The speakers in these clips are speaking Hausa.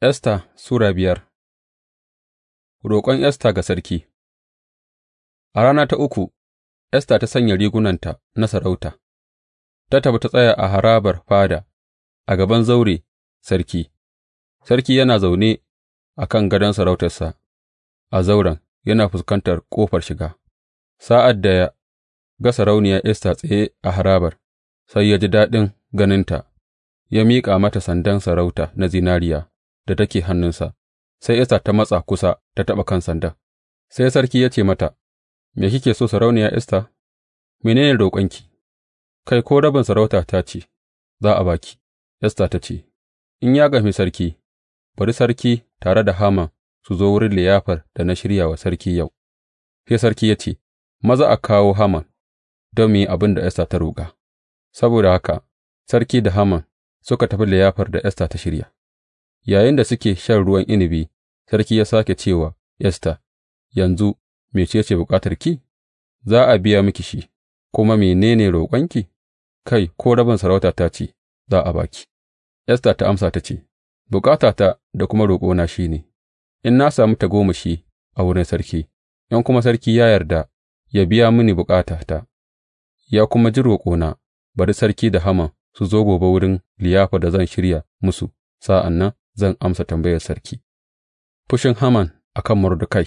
Esta Sura biyar Roƙon Esta ga sarki A rana ta uku, Esta ta sanya rigunanta na sarauta, ta tafi ta tsaya a harabar fada a gaban zaure sarki, sarki yana zaune a kan gadon sarautarsa a zauren yana fuskantar ƙofar shiga, sa'ad da ya ga sarauniya Esta tsaye a harabar, sai ya ji daɗin ganinta, ya miƙa mata sandan sarauta na zinariya. da take hannunsa, sai Esta ta matsa kusa ta taɓa kan sandan. Sai sarki ya ce mata, Me kike so sarauniya Esta? Menene roƙonki? Kai, ko rabin sarauta ta ce, Za a baki, Esta ta ce, In ya gami sarki, bari sarki tare da Haman su zo wurin liyafar da na shirya wa sarki yau. Sai sarki ya ce, Maza a kawo Haman don mu yi abin da Esta ta roƙa. Saboda haka, sarki da Haman suka tafi liyafar da Esta ta shirya. Yayinda suke shan ruwan inabi, sarki ya sake ce wa Esta, Yanzu, mece ce bukatarki, za a biya miki shi, kuma mene ne roƙonki, kai, ko rabin ta ce za a baki. Esta ta amsa ta ce, ta da kuma roƙona shi ne, in na sami ta tagomashi a wurin sarki, in kuma sarki ya yarda, ya biya mini bukatata, ya kuma ji roƙona, bari sarki da Haman su zo gobe wurin liyafa da zan shirya musu, sa'an nan zan amsa tambayar sarki. Fushin Haman a kan Mordekai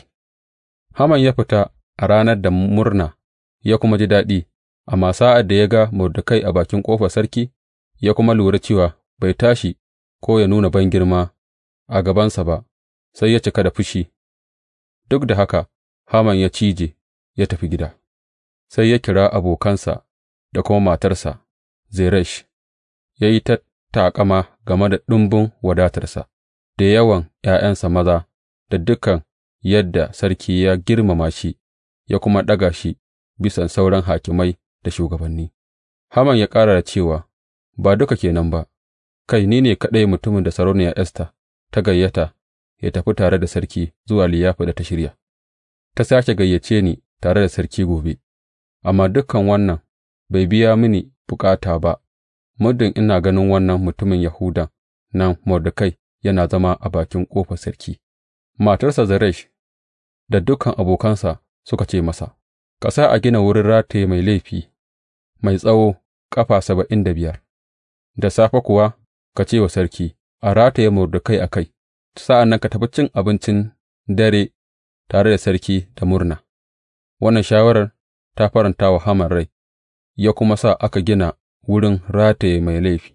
Haman ya fita a ranar da murna ya kuma ji daɗi, amma sa'ad da ya ga Mordekai a bakin ƙofar sarki, ya kuma lura cewa bai tashi ko ya nuna ban girma a gabansa ba, sai ya cika da fushi. Duk da haka, Haman ya cije ya tafi gida, sai ya kira abokansa da kuma matarsa Zeresh, ya yi ta taƙama game da ɗumbun wadatarsa, da yawan ’ya'yansa maza, da dukan yadda sarki ya girmama shi, ya kuma ɗaga shi bisan sauran hakimai da shugabanni. Haman ya ƙara da cewa, Ba duka ke nan ba, kai, ni ne kaɗai mutumin da sarauniya Esta ta gayyata ya tafi tare da sarki zuwa liyafa da ta shirya, ta sake gayyace ni tare da sarki gobe, amma dukan wannan bai biya mini bukata ba Muddin ina ganin wannan mutumin Yahudan nan Mordekai yana zama a bakin ƙofar sarki, matarsa Zeresh da dukan abokansa suka ce masa, Ka sa a gina wurin rataye mai laifi mai tsawo ƙafa saba'in da biyar, da safe kuwa ka ce wa sarki, A rataye Mordekai a kai, sa'an nan ka tafi cin abincin dare tare da sarki da murna. Wannan shawarar ta faranta wa Haman rai, ya kuma sa aka gina wurin rataye mai laifi.